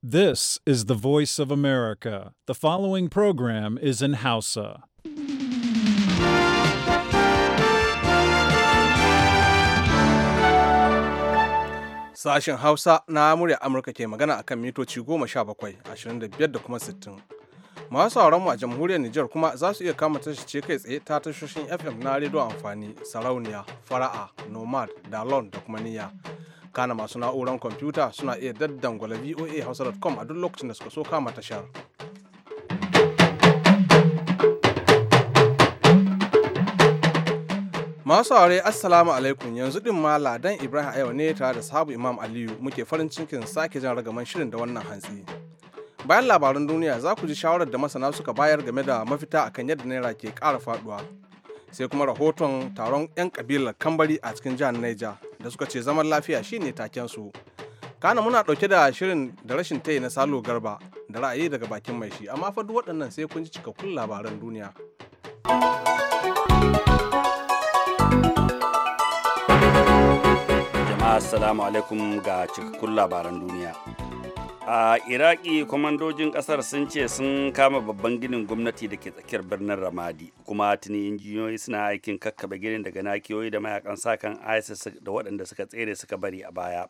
This is the voice of America. The following program is in Hausa. Sashen Hausa na murya Amurka ke magana a kan mitoci goma sha 17, ashirin da kuma sittin Masu sauranmu a jamhuriyar Nijar kuma za su iya kama tashi ce kai tsaye ta tashoshin FM na rediyo amfani, sarauniya, fara'a, nomad, dalon da kuma niyya. kana masu na'uran kwamfuta suna iya daddangwala voa hausa.com a duk lokacin da suka so kama tashar. Masu aure assalamu alaikum yanzu din ma ladan Ibrahim Ayo ne tare da sabu Imam Aliyu muke farin cikin sake jan ragaman shirin da wannan hantsi. Bayan labaran duniya za ku ji shawarar da masana suka bayar game da mafita akan yadda naira ke ƙara faduwa. Sai kuma rahoton taron 'yan kabilar Kambari a cikin jihar Niger da suka ce zaman lafiya shine taken su kana muna ɗauke da shirin da rashin tayi na salo garba da ra'ayi daga bakin mai shi amma fa duk waɗannan sai kun ji cikakkun labaran duniya jama'a assalamu alaikum ga cikakkun labaran duniya a iraki kwamandojin kasar sun ce sun kama babban ginin gwamnati da ke tsakiyar birnin ramadi kuma tuni injiniyoyi suna aikin kakkaɓe ginin daga nakiyoyi da mayakan sakan isis da waɗanda suka tsere suka bari a baya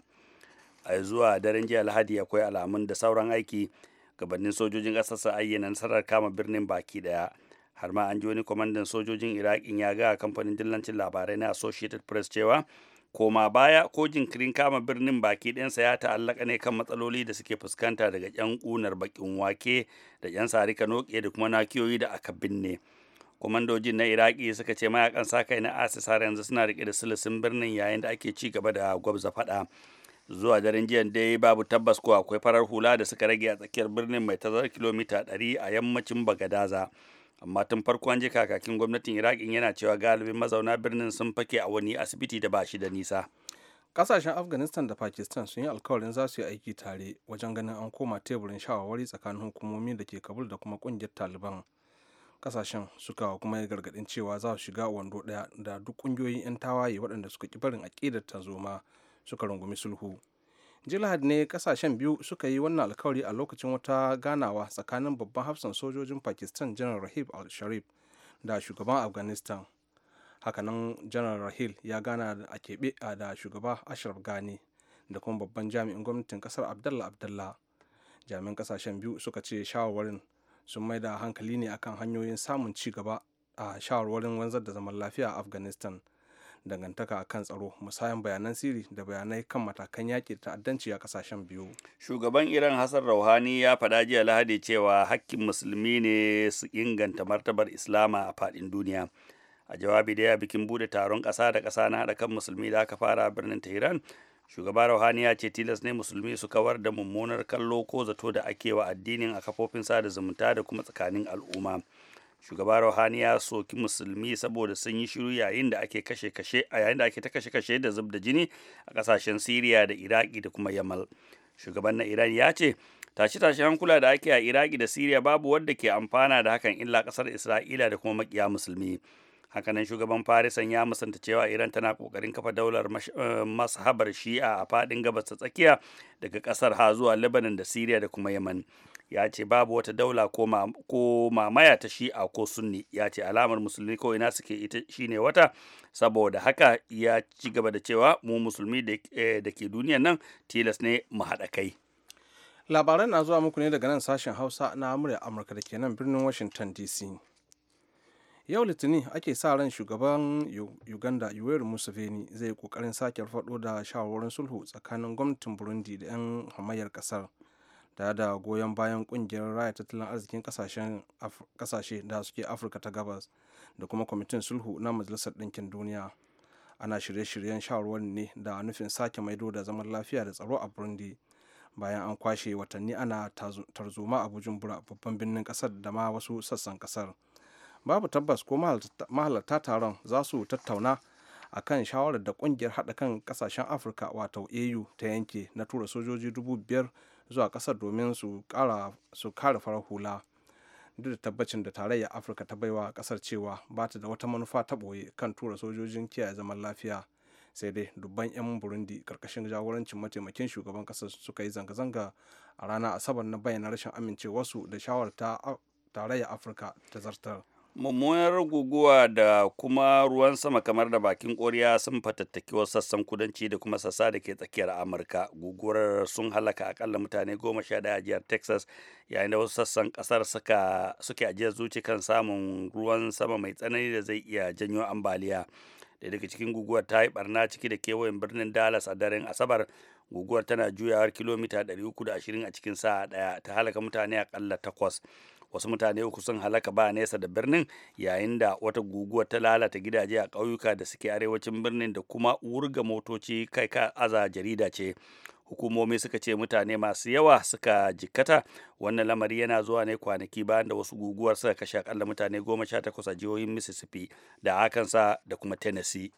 a zuwa daren jiya alhadi akwai alamun da sauran aiki gabanin sojojin ƙasar sa ayyana nasarar kama birnin baki daya har ma an ji wani kwamandan sojojin iraki ya ga kamfanin dillancin labarai na associated press cewa koma baya ko jinkirin kama birnin baki ɗinsa ya ta'allaka ne kan matsaloli da suke fuskanta daga 'yan ƙunar bakin wake da 'yan sarika noke da kuma nakiyoyi da aka binne kwamandojin na iraki suka ce mayakan sa kai na asis har yanzu suna rike da silisin birnin yayin da ake ci gaba da gwabza faɗa zuwa daren jiya dai babu tabbas ko akwai farar hula da suka rage a tsakiyar birnin mai tazarar kilomita 100 a yammacin bagadaza. amma tun farko an je kakakin gwamnatin iraƙin yana cewa galibin mazauna birnin sun fake a wani asibiti da ba shi da nisa kasashen afghanistan da pakistan sun yi alkawarin za su yi aiki tare wajen ganin an koma teburin shawarwari tsakanin hukumomi da ke kabul da kuma kungiyar taliban kasashen suka kuma yi gargadin cewa za su shiga wando daya da duk kungiyoyin 'yan tawaye waɗanda suka ki barin aƙidar zoma suka rungumi sulhu lahadi ne kasashen biyu suka yi wannan alkawari a lokacin wata ganawa tsakanin babban hafsan sojojin pakistan general rahib al-sharif da shugaban afghanistan hakanan general rahil ya gana a keɓe da shugaba ashraf gani da kuma babban jami'in gwamnatin kasar abdallah abdallah jami'an kasashen biyu suka ce shawarwarin sun mai da hankali ne akan hanyoyin samun ci gaba a shawarwarin wanzar da zaman lafiya a afghanistan dangantaka a kan tsaro musayan bayanan sirri da bayanai kan matakan yaƙi da ta'addanci a kasashen biyu. Shugaban Iran Hassan rauhani ya faɗa jiya Lahadi cewa hakkin musulmi ne su inganta martabar Islama a faɗin duniya. A jawabi da ya bikin bude taron ƙasa da ƙasa na haɗa kan musulmi da aka fara a birnin Tehran, shugaban rauhani ya ce tilas ne musulmi su kawar da mummunar kallo ko zato da ake wa addinin a kafofin sada zumunta da kuma tsakanin al'umma. shugaba rohani ya soki musulmi saboda sun yi shiru yayin da ake kashe kashe a yayin da ake ta kashe kashe da zub da jini a kasashen siriya da iraki da kuma yamal shugaban na iran ya ce tashi tashi hankula da ake a iraki da siriya babu wadda ke amfana da hakan illa kasar isra'ila da kuma makiya musulmi hakanan shugaban farisan ya musanta cewa iran tana kokarin kafa daular eh, mashabar shi'a a fadin gabas ta tsakiya daga kasar ha zuwa lebanon da siriya da kuma yaman ya ce babu wata daula ko mamaya ta shi'a ko sunni ya ce alamar musulmi ko ina suke ita shine wata saboda haka ya ci gaba da cewa mu musulmi da eh, ke duniyan nan tilas ne mu haɗa kai labaran na zuwa muku ne daga nan sashen hausa na amurya amurka da ke nan birnin washington dc yau litinin ake sa ran shugaban uganda yoweri museveni zai kokarin sake faɗo da shawarwarin sulhu tsakanin gwamnatin burundi da 'yan hamayyar kasar tare da goyon bayan kungiyar raya tattalin arzikin kasashe da suke afirka ta gabas da kuma kwamitin sulhu na majalisar ɗinkin duniya ana shirye-shiryen shawarwar ne da nufin sake maido da zaman lafiya da tsaro a burundi bayan an kwashe watanni ana tarzoma a bujumbura babban birnin kasar da ma wasu sassan kasar babu tabbas ko mahalarta taron za su tattauna a kan shawarar da kungiyar haɗa kan ƙasashen afirka wato au ta yanke na tura sojoji dubu biyar zuwa kasar domin su kare farar hula duk da tabbacin da tarayya afirka ta baiwa kasar cewa ba ta da wata manufa ta ɓoye kan tura sojojin kiyaye zaman lafiya sai dai dubban 'yan burundi karkashin jagorancin mataimakin shugaban kasar suka yi zanga-zanga a ranar asabar na bayyana rashin amincewarsu da shawarta tarayya afirka ta zartar mummunar guguwa da kuma ruwan sama kamar da bakin koriya sun fatattaki wasu sassan kudanci da kuma sassa da ke tsakiyar amurka guguwar sun halaka akalla mutane goma sha daya a jihar texas yayin da wasu sassan kasar suke ajiyar zuci kan samun ruwan sama mai tsanani da zai iya janyo ambaliya da daga cikin guguwar ta yi barna ciki da kewayen birnin dallas a daren asabar guguwar tana juyawar kilomita 320 a cikin sa'a daya ta halaka mutane akalla takwas wasu mutane uku sun halaka ba nesa da birnin yayin da wata guguwa ta lalata gidaje a ƙauyuka da suke arewacin birnin da kuma wurga motoci kai ka aza jarida ce hukumomi suka ce mutane masu yawa suka jikkata wannan lamari yana zuwa ne kwanaki bayan da wasu guguwar suka kashe akalla mutane goma sha takwas a jihohin mississippi da akansa da kuma tennessee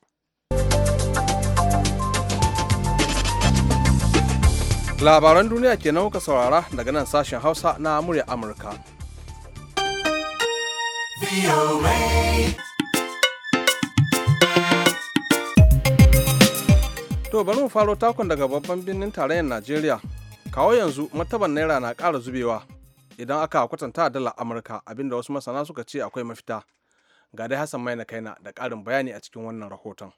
labaran duniya kenan kuka saurara daga nan sashen hausa na murya amurka To bari mu faro takon daga babban birnin tarayyar Najeriya. Kawo yanzu martaban naira na ƙara zubewa idan aka kwatanta dalar Amurka abinda wasu masana suka ce akwai mafita. Ga dai Hassan Maina Kaina da ƙarin bayani a cikin wannan rahoton.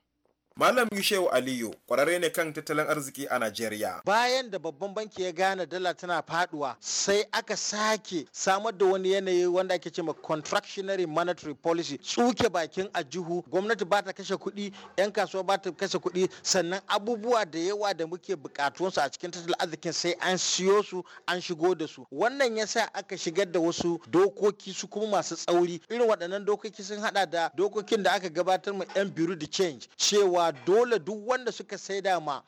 Malam Yushewu Aliyu kwararre ne kan tattalin arziki a Najeriya. Bayan da babban banki ya gane dala tana faduwa sai aka sake samar da wani yanayi wanda ake cewa contractionary monetary policy tsuke bakin a jihu gwamnati ba ta kashe kuɗi yan kasuwa ba ta kashe kuɗi sannan abubuwa da yawa da muke bukatuwansu a cikin tattalin arzikin sai an siyo su an shigo da su wannan yasa aka shigar da wasu dokoki su kuma masu tsauri irin waɗannan dokoki sun haɗa da dokokin da aka gabatar ma yan biru da change cewa cewa dole duk wanda suka saida ma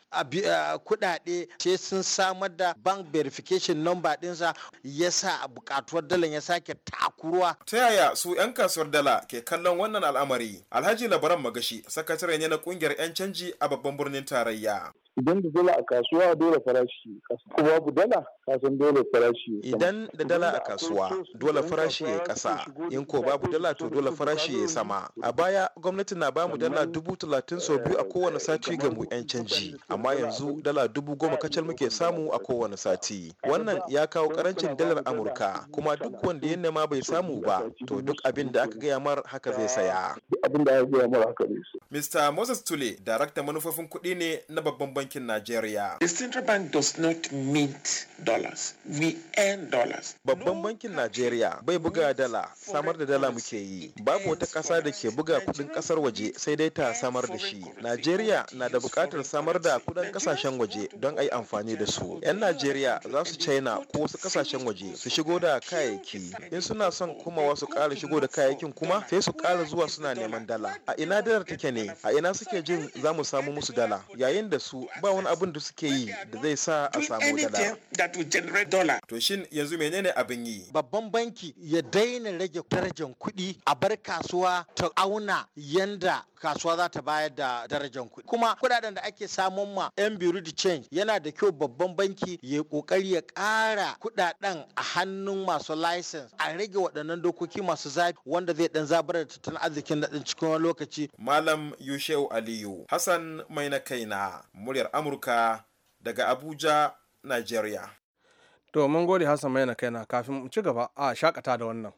kudade ce sun samar da bank verification number dinsa ya sa bukatuwar dalan ya sake takurwa. Ta yaya su 'yan kasuwar dala ke kallon wannan al'amari? Alhaji Labaran Magashi, sakatare ne na kungiyar 'yan canji a babban birnin tarayya. Idan da dala a kasuwa dole farashi, kasuwa babu dala kasan dole farashi idan da dala a kasuwa dole farashi ya kasa in ko babu dala to dole farashi ya sama a baya gwamnati na bamu dala dubu talatin sau biyu a kowane sati ga mu yan canji amma yanzu dala dubu goma kacal muke samu a kowane sati wannan ya kawo karancin dalar amurka kuma duk wanda ya nema bai samu ba to eh, duk abin da aka gaya mar haka zai saya abin da aka Mr. Moses Tule, daraktan manufofin kuɗi ne na babban bankin Najeriya. The central bank does not meet dollars. We earn dollars. Babban bankin Najeriya bai buga dala, samar da dala muke yi. Babu wata ƙasa da ke buga kuɗin ƙasar waje sai dai ta samar da shi. Najeriya na da buƙatar samar da kudin ƙasashen waje don a amfani da su. 'Yan Najeriya za su China ko wasu ƙasashen waje su shigo da kayayyaki. In suna son kuma wasu ƙara shigo da kayayyakin kuma sai su ƙara zuwa suna neman dala. A ina dalar take ne? A ina suke jin za mu samu musu dala? Yayin da su ba wani abin da suke yi da zai sa a samu dala. to dollar. To shin yanzu menene abin yi? Babban banki ya daina rage darajar kuɗi a bar kasuwa ta auna yanda kasuwa za ta bayar da darajar kuɗi. Kuma kuɗaɗen da ake samun ma 'yan biru change yana da kyau babban banki ya kokari ya ƙara kuɗaɗen a hannun masu license a rage waɗannan dokoki masu zafi wanda zai ɗan zabar da tattalin arzikin daɗin cikin wani lokaci. Malam Yushewu Aliyu Hassan Mai na kaina muryar Amurka daga Abuja, Nigeria. To mun gode Hassan Maina na kafin mu ci gaba a shakata da wannan.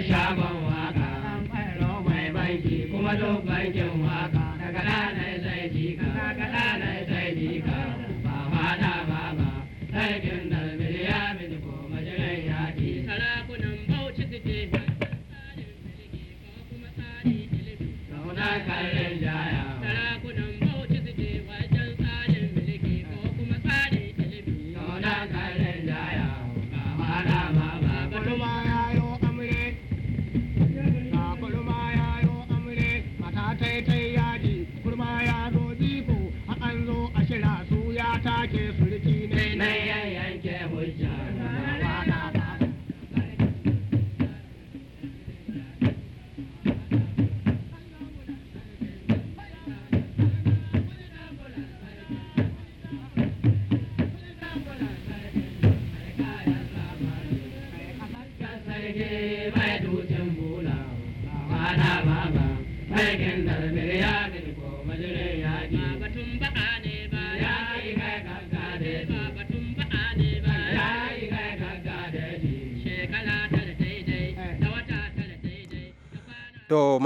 shagon waka mai banki kuma duk bankin waka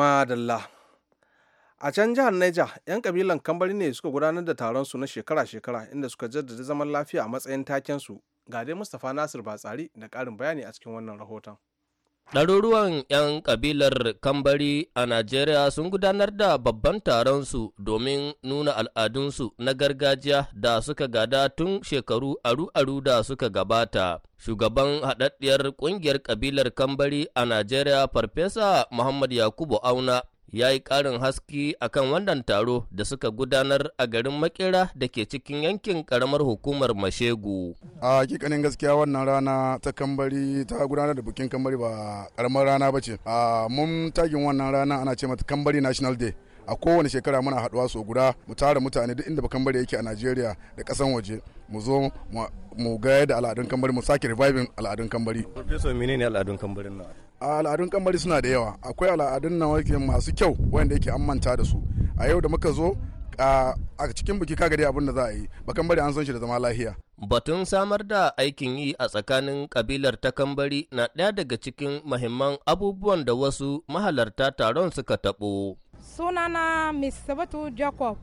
dalla a can jihar niger yan kabilan kambari ne suka gudanar da taron su na shekara-shekara inda suka jaddada zaman lafiya a matsayin taken su ga dai mustapha nasir batsari da karin bayani a cikin wannan rahoton Ɗaruruwan 'yan ƙabilar Kambari a Najeriya sun gudanar da babban taronsu domin nuna al'adunsu na gargajiya da suka gada tun shekaru aru-aru da suka gabata. Shugaban haɗaɗɗiyar ƙungiyar ƙabilar Kambari a Najeriya Farfesa Muhammad Yakubu Auna ya yi ƙarin haski akan wannan taro da suka gudanar a garin makera da ke cikin yankin karamar hukumar mashegu a hakikanin gaskiya wannan rana ta kambari ta gudanar da bukin kambari ba karamar rana ba ce mun tagin wannan rana ana ce mata kambari national day a kowane shekara muna haɗuwa so guda mu tara mutane duk inda bakan yake a Najeriya da kasan waje mu zo mu ga da al'adun kambari mu sake reviving al'adun kambari. Professor menene al'adun kambarin nan? Al'adun kambari suna da yawa akwai al'adun nan wake masu kyau wanda yake an manta da su a yau da muka zo a cikin biki kaga dai abin da za a yi bakan bari an san shi da zama lahiya. Batun samar da aikin yi a tsakanin kabilar ta kambari na ɗaya daga cikin mahimman abubuwan da wasu mahalarta taron suka taɓo. sunana miss sabatu jacob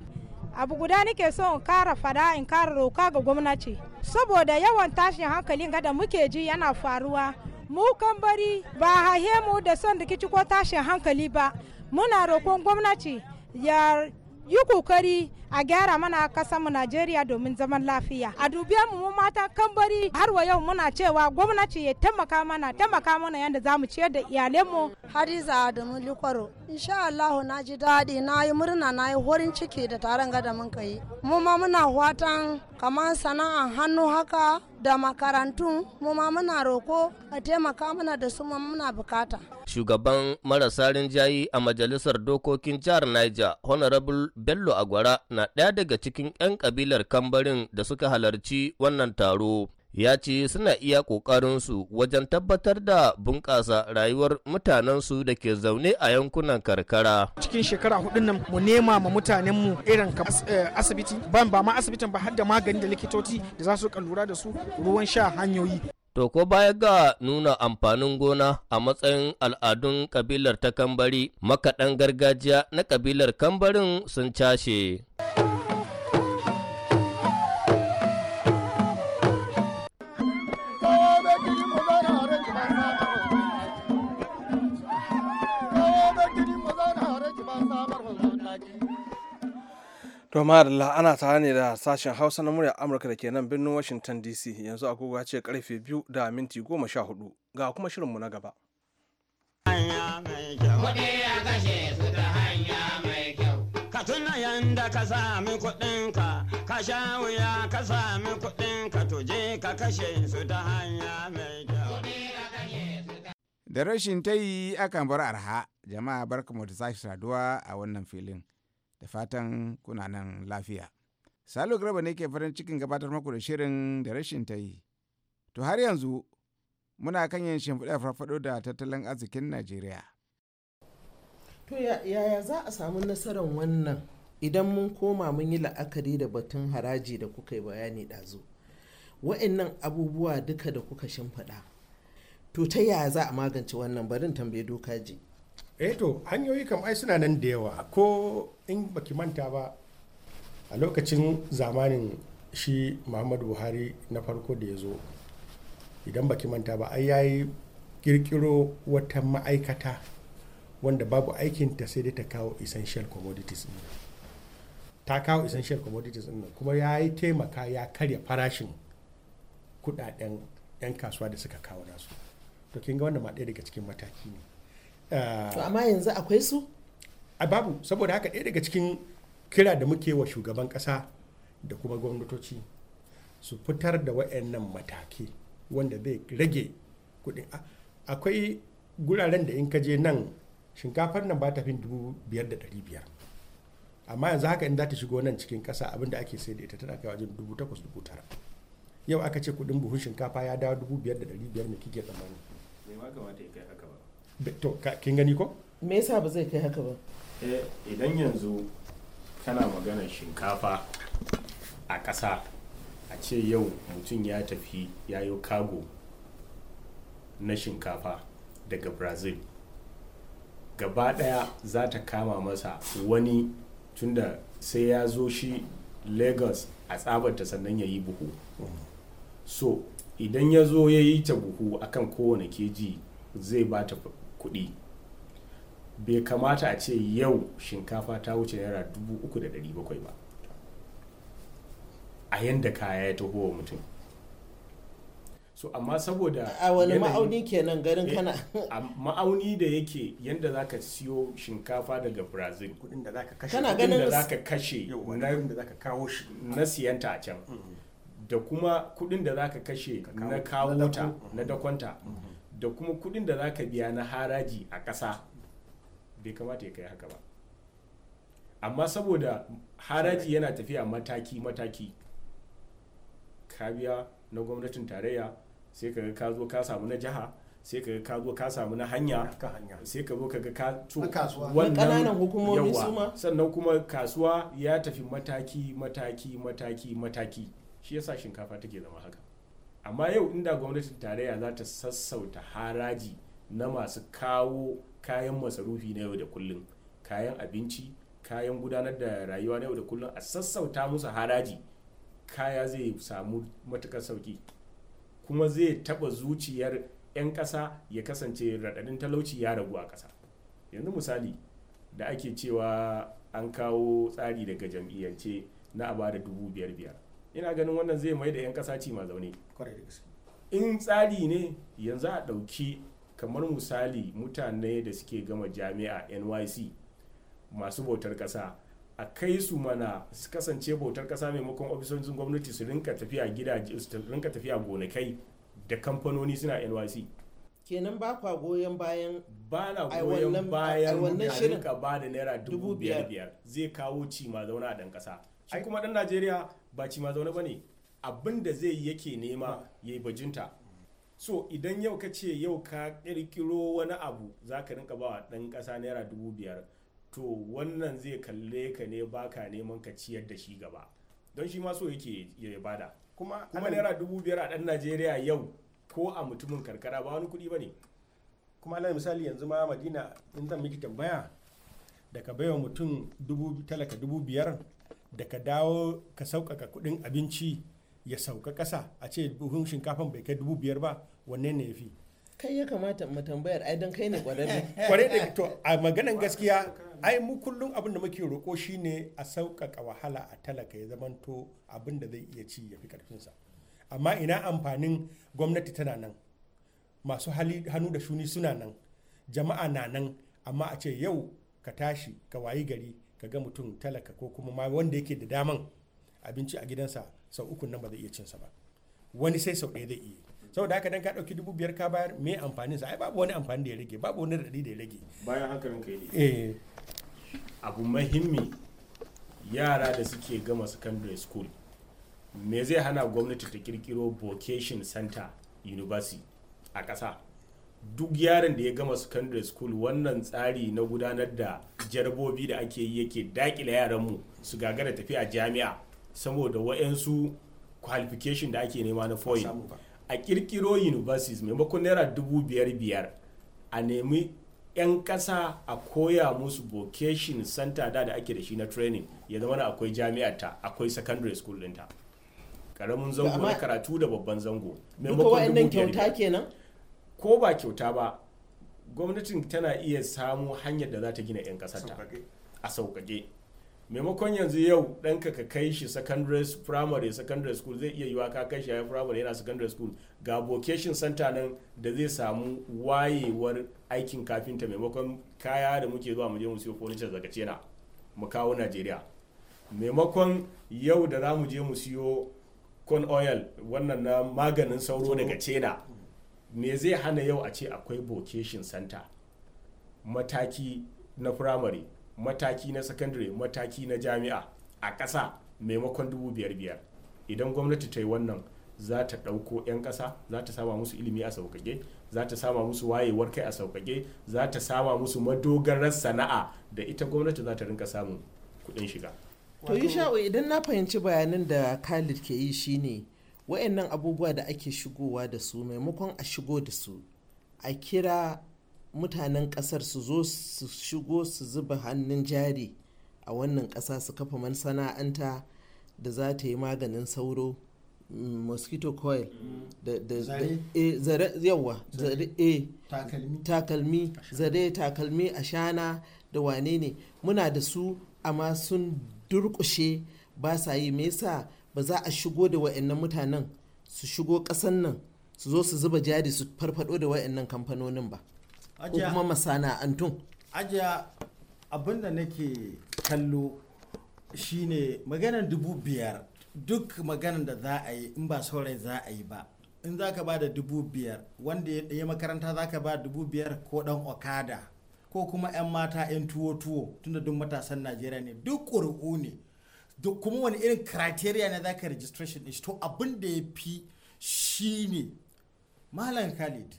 abu guda nake so in kara fada in kara roka ga gwamnati saboda yawan tashin hankalin da muke ji yana faruwa mu kan bari ba hahe mu da son rikici ko tashin hankali ba muna roƙon gwamnati ya yi kokari a gyara mana mu Najeriya domin zaman lafiya. A dubiya mu mu mata bari har wa yau muna cewa gwamnati ya taimaka mana taimaka mana yadda za mu ciyar da mu Hadiza Adamu Likwaro. Insha Allah na ji daɗi na yi murna na yi horin ciki da taron gada mun kai. Mu ma muna watan kamar sana'an hannu haka da makarantu mu ma muna roko a taimaka mana da su muna bukata. Shugaban marasa rinjayi a majalisar dokokin jihar Niger, Honorable Bello Agwara na na ɗaya daga cikin 'yan ƙabilar kambarin da suka halarci wannan taro ya ce suna iya ƙoƙarinsu wajen tabbatar da bunƙasa rayuwar mutanensu da ke zaune a yankunan karkara. Cikin shekara hudun nan mu nema ma mutanenmu irin eh, asibiti ban ba ma asibitin ba har da magani da likitoci da za su lura da su ruwan sha hanyoyi. To ko baya ga nuna amfanin gona a matsayin al'adun kabilar ta kambari, makaɗan gargajiya na kabilar kambarin sun cashe. domar madalla ana tare ne da sashen Hausa na murya Amurka da ke nan birnin Washington DC yanzu agogo ce karfe biyu da minti goma sha hudu ga kuma shirinmu na gaba. Ka ka sami kuɗinka, ka sha wuya ka sami ka kashe su ta hanya Da rashin ta yi akan bar arha, jama'a barka mu da sake saduwa a wannan filin. da fatan kuna nan lafiya. Salo Garba ne ke farin cikin gabatar maku da shirin da rashin ta yi. To har yanzu muna kan yin shimfiɗa farfaɗo da tattalin arzikin Najeriya. To yaya za a samu nasarar wannan idan mun koma mun yi la'akari da batun haraji da kuka yi bayani ɗazu. nan abubuwa duka da kuka shimfiɗa. To ta yaya za a magance wannan barin tambaye doka ji. eh to hanyoyi kam ai suna nan da yawa ko in baki manta ba a lokacin zamanin shi muhammadu buhari na farko da ya zo idan baki manta ba ai yayi kirkiro wata ma'aikata wanda babu aikinta sai dai ta kawo essential commodities ne ta kawo essential commodities ina kuma ya yi taimaka ya karya farashin kudaden 'yan kasuwa da suka kawo nasu to kin ga wannan ma ɗaya daga cikin mataki ne Eh, to amma yanzu akwai su a babu saboda haka ɗaya daga cikin kira da muke wa shugaban ƙasa da kuma gwamnatoci su fitar da wa'annan matake wanda zai rage kuɗin akwai guraren da in ka je nan shinkafar nan ba ta fin dubu biyar da ɗari biyar amma yanzu haka in za ta shigo nan cikin ƙasa abin da ake sai da ita tana kai wajen dubu takwas dubu tara yau aka ce kuɗin buhun shinkafa ya dawo dubu biyar da ɗari biyar ne kike tsammani to kin gani ko me yasa ba zai kai haka ba eh idan yanzu kana magana shinkafa a ƙasa a ce yau mutum ya tafi ya yi kago na shinkafa daga brazil gaba ɗaya za ta kama masa wani tunda sai ya zo shi lagos a tsabarta sannan ya yi buhu so idan ya zo ya yi ta buhu akan kowane keji zai ba ta kuɗi bai kamata a ce yau shinkafa ta wuce naira dubu uku da dari bakwai ba a yadda kaya ya taho wa mutum so amma saboda a wani ma'auni kenan garin eh, kana ma'auni da yake yadda za ka siyo shinkafa daga brazil kudin da za ka kashe kudin da za ka kashe da za ka kawo shi na siyanta a can mm-hmm. da kuma kudin da za ka kashe na kawo ta na dakonta mm -hmm. da kuma kudin da za ka biya na haraji a ƙasa bai kamata ya kai haka ba amma saboda haraji yana tafiya mataki-mataki ka biya na gwamnatin tarayya sai ka ga ka zo ka samu na jiha sai ka ga ka zo ka samu na hanya sai ka zo ka ga ka to wannan yawa sannan kuma kasuwa ya tafi mataki mataki mataki mataki shi yasa shinkafa take zama haka amma yau inda gwamnatin tarayya za ta sassauta haraji na masu kawo kayan masarufi na yau da kullum kayan abinci kayan gudanar da rayuwa na yau da kullum a sassauta musu haraji kaya zai samu matukar sauki kuma zai taba zuciyar 'yan ƙasa ya kasance raɗaɗin talauci ya ragu a ƙasa yanzu misali da ake cewa an kawo tsari daga jam'iyyance na a bada dubu biyar biyar ina ganin wannan zai mai da 'yan kasa ci ma zaune in tsari ne yanzu a ɗauki kamar misali mutane da suke gama jami'a nyc masu bautar ƙasa a kai su mana su kasance bautar ƙasa maimakon ofisoshin gwamnati su rinka tafiya gida su rinka tafiya gonakai da kamfanoni suna nyc kenan ba kwa goyon bayan ba na goyon bayan wannan shirin ba da naira dubu biyar zai kawo ci ma zauna a ɗan ƙasa shi kuma dan najeriya ba ci ma zaune ba ne abin da zai yake nema ya yi bajinta so idan yau ka ce yau ka kirkiro wani abu za ka rinka ba ɗan kasa naira dubu biyar to wannan zai kalle ka ne baka neman ka ciyar da shi gaba don shi ma so yake ya bada kuma naira dubu biyar a ɗan najeriya yau ko a mutumin karkara ba wani kuɗi ba ne kuma alal misali yanzu ma madina in zan miki tambaya daga baiwa mutum talaka dubu biyar da ka dawo ka sauƙaƙa kuɗin abinci ya sauka ƙasa a ce buhun shinkafan bai kai dubu biyar ba wanne ne ya fi kai ya kamata mu tambayar ai don kai ne kwararre kwarai da to a maganan gaskiya ai mu kullum abin da muke roƙo shine a sauƙaƙa wahala a talaka ya zamanto abin da zai iya ci ya fi ƙarfinsa amma ina amfanin gwamnati tana nan masu hannu da shuni suna nan jama'a na nan amma a ce yau ka tashi ka wayi gari ka ga mutum talaka ko kuma ma wanda yake da daman abinci a gidansa sau uku nan ba zai iya cinsa ba wani sai sau ɗaya zai iya saboda haka dan ka ɗauki dubu biyar ka bayar me amfanin sa ai babu wani amfani da ya rage babu wani raɗi da ya rage bayan hankalin ka yi eh abu mahimmi yara da suke gama secondary school me zai hana gwamnati ta kirkiro vocation center university a ƙasa duk yaron da ya gama secondary school wannan tsari na gudanar da jarabobi da ake yi yake dakila yaranmu su gagara tafiya jami'a saboda wa'yansu qualification da ake nema na foyi a kirkiro universities maimakon naira dubu biyar biyar a nemi 'yan ƙasa a koya musu vocation center da da ake da shi na training ya zama na akwai ta akwai secondary school ɗinta karamin zango na karatu da babban zango maimakon dubu biyar kyauta kenan ko ba kyauta ba gwamnatin tana iya samu hanyar da za ta gina 'yan ƙasarta a sauƙaƙe maimakon yanzu yau ɗanka ka kai shi secondary primary secondary school zai iya yiwa ka kai shi a primary yana secondary school ga vocation center nan da zai samu wayewar aikin kafinta maimakon kaya da muke zuwa mu je mu siyo furniture daga china mu kawo najeriya maimakon yau da za mu je mu siyo corn oil wannan na maganin sauro daga china me zai hana yau a ce akwai vocation center mataki na primary mataki na secondary mataki na jami'a a ƙasa maimakon dubu biyar biyar idan gwamnati ta yi wannan za ta ɗauko 'yan ƙasa za ta sama musu ilimi a sauƙaƙe za ta sama musu wayewar kai a sauƙaƙe za ta sama musu madogarar sana'a da ita gwamnati za ta rinka samun kuɗin shiga to yi sha'o idan na fahimci bayanin da khalid ke yi shine wayannan abubuwa da ake shigowa da su maimakon a shigo da su a kira mutanen kasar su zo su shigo su zuba hannun jari a wannan kasa su kafa masana'anta da za ta yi maganin sauro mm, mosquito coil da zare eh, eh, takalmi zare takalmi a shana da wane ne muna da su amma sun durkushe ba sa yi mesa ba za a shigo da wa'annan mutanen su shigo ƙasan nan su zo su zuba jari su farfado da wa'annan kamfanonin ba ko kuma masana'antun ajiya abin da nake kallo shine maganar dubu biyar duk maganar da za a yi in ba saurayi za a yi ba in za ka ba da dubu biyar wanda ya makaranta za ka ba dubu biyar ko dan okada ko kuma 'yan mata 'yan tuwo-tuwo tunda duk matasan najeriya ne duk ƙuri'u ne da kuma wani irin criteria na zaka registration din shi to abin da ya fi shine malam khalid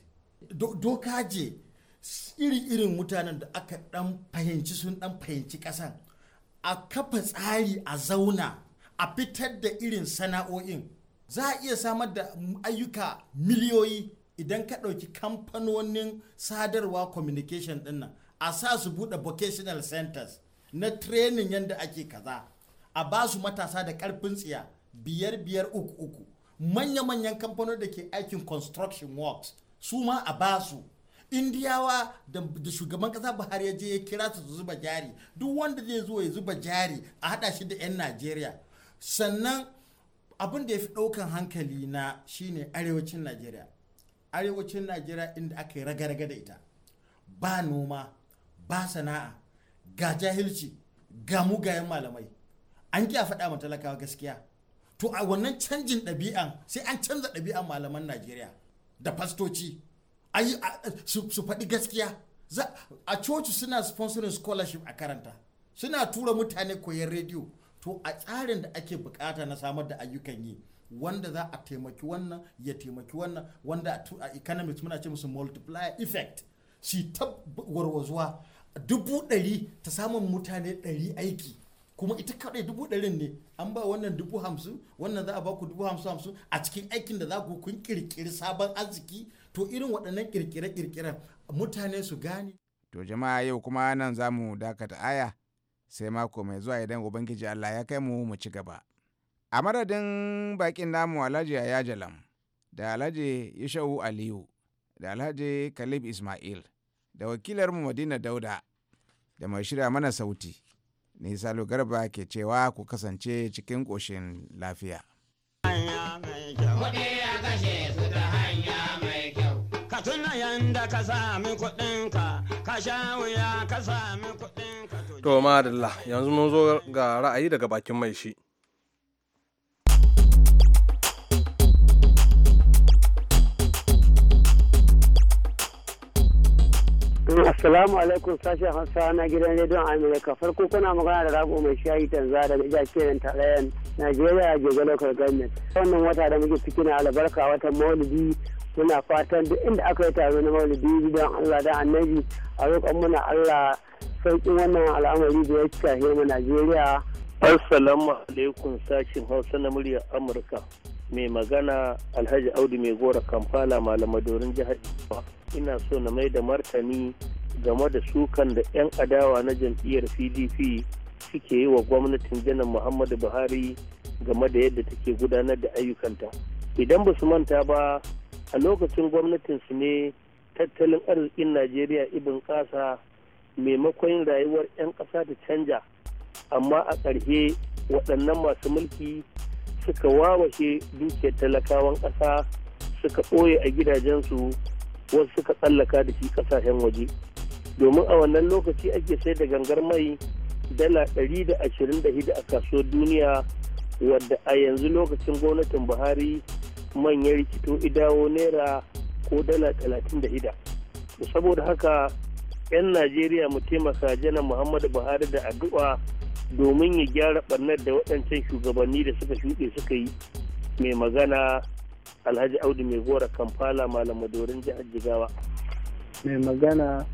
doka je iri-irin mutanen da aka dan fahimci sun dan fahimci kasan a kafa tsari a zauna a fitar da irin sana'o'in za a iya samar da ayyuka miliyoyi idan ka ɗauki kamfanonin sadarwa communication ɗin a sa su buɗe vocational centers na training yadda ake kaza a ba su matasa da karfin tsiya biyar biyar uku uku manya-manyan kamfanin da ke aikin construction works su ma a ba su indiyawa da shugaban kasa buhari ya je ya kira su zuba jari duk wanda zai zo ya zuba jari a hada shi da 'yan najeriya sannan abin da ya fi ɗaukan hankali na shine arewacin najeriya arewacin najeriya inda aka yi raga-raga da ita ba noma ba sana'a ga jahilci ga mugayen malamai an ki a faɗa ma talakawa gaskiya to a wannan canjin ɗabi'an sai an canza ɗabi'an malaman najeriya da fastoci su faɗi gaskiya a coci suna sponsorin scholarship a karanta suna tura mutane koyar rediyo to a tsarin da ake bukata na samar da ayyukan yi wanda za a taimaki wannan ya taimaki wannan wanda a economics muna ce musu multiplier effect shi ta warwazuwa dubu ɗari ta samun mutane ɗari aiki kuma ita kaɗai dubu ɗarin ne an ba wannan dubu hamsin wannan za a ba ku dubu hamsin hamsin a cikin aikin da za ku kun kirkiri sabon arziki to irin waɗannan kirkire mutane su gane. to jama'a yau kuma nan za mu dakata aya sai mako mai zuwa idan ubangiji allah ya kai mu mu ci gaba a madadin bakin namu alhaji ya jalam da alhaji yashau aliyu da alhaji kalib ismail da wakilar mu madina dauda da mai shirya mana sauti ni salo garba ke cewa ku kasance cikin ƙoshin lafiya ka tuna yanda ka sami kuɗinka ka sha wuya ka sami kuɗinka to madalla yanzu mun zo ga ra'ayi daga bakin mai shi Assalamu alaikum sashen Hausa na gidan rediyon Amerika. Farko kuna magana da rago mai shayi tanza da Nijar kenan tarayyan Najeriya Jego Local Government. Wannan wata da muke ciki na albarka watan Maulidi muna fatan duk inda aka yi taro na Maulidi gidan Allah da Annabi a roƙon muna Allah sauƙin wannan al'amari da ya shahe mu Najeriya. Assalamu alaikum sashen Hausa na muryar Amurka. Mai magana Alhaji Audu Mai Gora Kampala Malamadorin jihar Jigawa. ina so na mai da martani game da sukan da 'yan adawa na jam'iyyar pdp suke yi wa gwamnatin janar muhammadu buhari game da yadda take gudanar da ayyukanta idan ba su manta ba a lokacin gwamnatinsu ne tattalin arzikin najeriya ibin kasa maimakon rayuwar 'yan kasa ta canja amma a ƙarshe waɗannan masu mulki suka wawashe dukiyar talakawan ƙasa suka ɓoye a gidajensu wasu suka tsallaka da shi kasashen waje domin a wannan lokaci ake sai da gangar mai dala da 126 a kasuwar duniya wadda a yanzu lokacin gwamnatin buhari manyan rikito idawo naira ko dala 36 saboda haka 'yan najeriya mu taimaka janar muhammadu buhari da addu'a domin ya gyara barnar da waɗancan shugabanni da suka shuɗe suka yi mai magana alhaji audu mai gora kamfala malam madorin jihar jigawa mai magana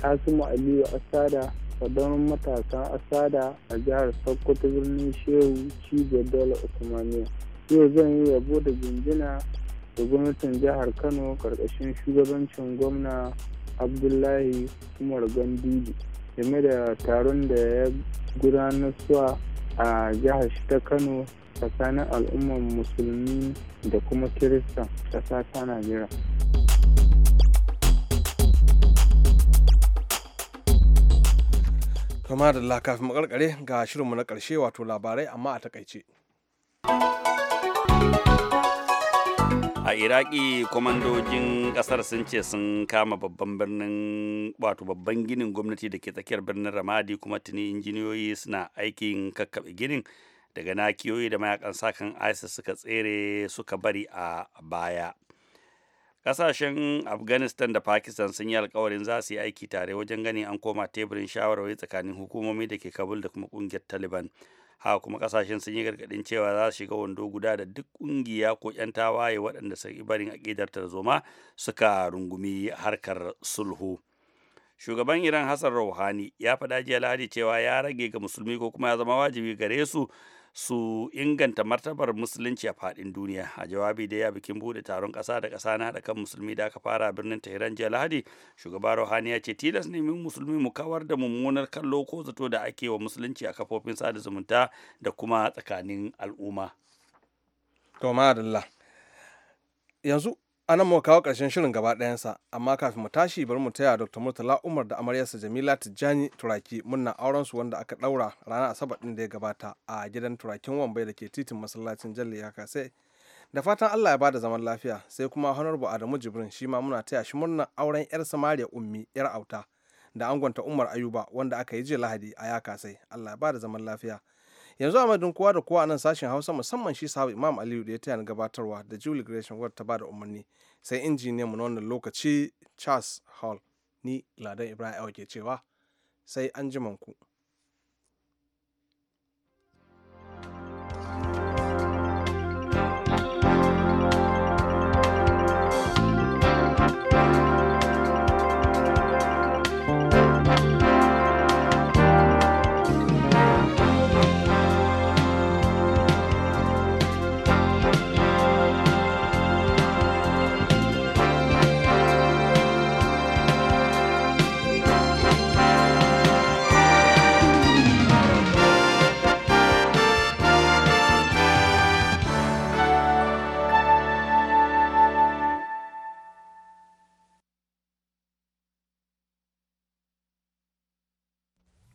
kasimu aliyu asada sadarin matasan asada a jihar sokoto birnin shehu cibiyar dole usmaniya yau zan yi yabo da jinjina da gwamnatin jihar kano karkashin shugabancin gwamna abdullahi umar gandiji game da taron da ya gudanar a jihar shi ta kano tsakanin al'ummar musulmi da kuma kirista ƙasa ta najeriya kama da lakafin makarkare ga shirinmu na karshe wato labarai amma a takaice a iraki kwamandojin kasar sun ce sun kama babban birnin wato babban ginin gwamnati da ke tsakiyar birnin ramadi kuma tuni injiniyoyi suna aikin kakkaɓe ginin daga nakiyoyi da mayakan sakan isis suka tsere suka bari a baya kasashen afghanistan da pakistan sun yi alkawarin za su yi aiki tare wajen ganin an koma teburin shawarwari tsakanin hukumomi da ke kabul da kuma kungiyar taliban haka kuma kasashen sun yi gargadin cewa za su shiga wando guda da duk kungiya ko 'yan tawaye waɗanda su barin aƙidar tarzoma suka rungumi harkar sulhu shugaban iran hassan rouhani ya faɗa jiya lahadi cewa ya rage ga musulmi ko kuma ya zama wajibi gare su su inganta martabar musulunci a fadin duniya a jawabi da ya bikin bude taron kasa da kasa na da kan musulmi da aka fara a birnin tehran jiya lahadi shugaba rohani ya ce tilas ne mu musulmi mu kawar da mummunar kallo ko zato da ake wa musulunci a kafofin sada zumunta da kuma tsakanin al'umma yanzu anan mu muka kawo ƙarshen shirin gaba ɗayansa amma kafin mu tashi bari mu taya dr murtala umar da sa jamila tijjani turaki murna auren su wanda aka ɗaura ranar asabar ɗin da ya gabata a gidan turakin wambai da ke titin masallacin jalle ya kasai da fatan allah ya bada zaman lafiya sai kuma honorable adamu jibrin shi ma muna taya shi murna auren yar samariya ummi yar auta da angonta umar ayuba wanda aka yi jiya lahadi a ya kasai allah ya bada zaman lafiya yanzu a kowa da kowa a nan sashen hausa musamman shi sahabu imam aliyu da ya taya na gabatarwa da julie gresham wadda ta bada umarni sai injiniyan mu na wannan lokaci charles hall ni ladan ibrahim ke cewa sai an ku.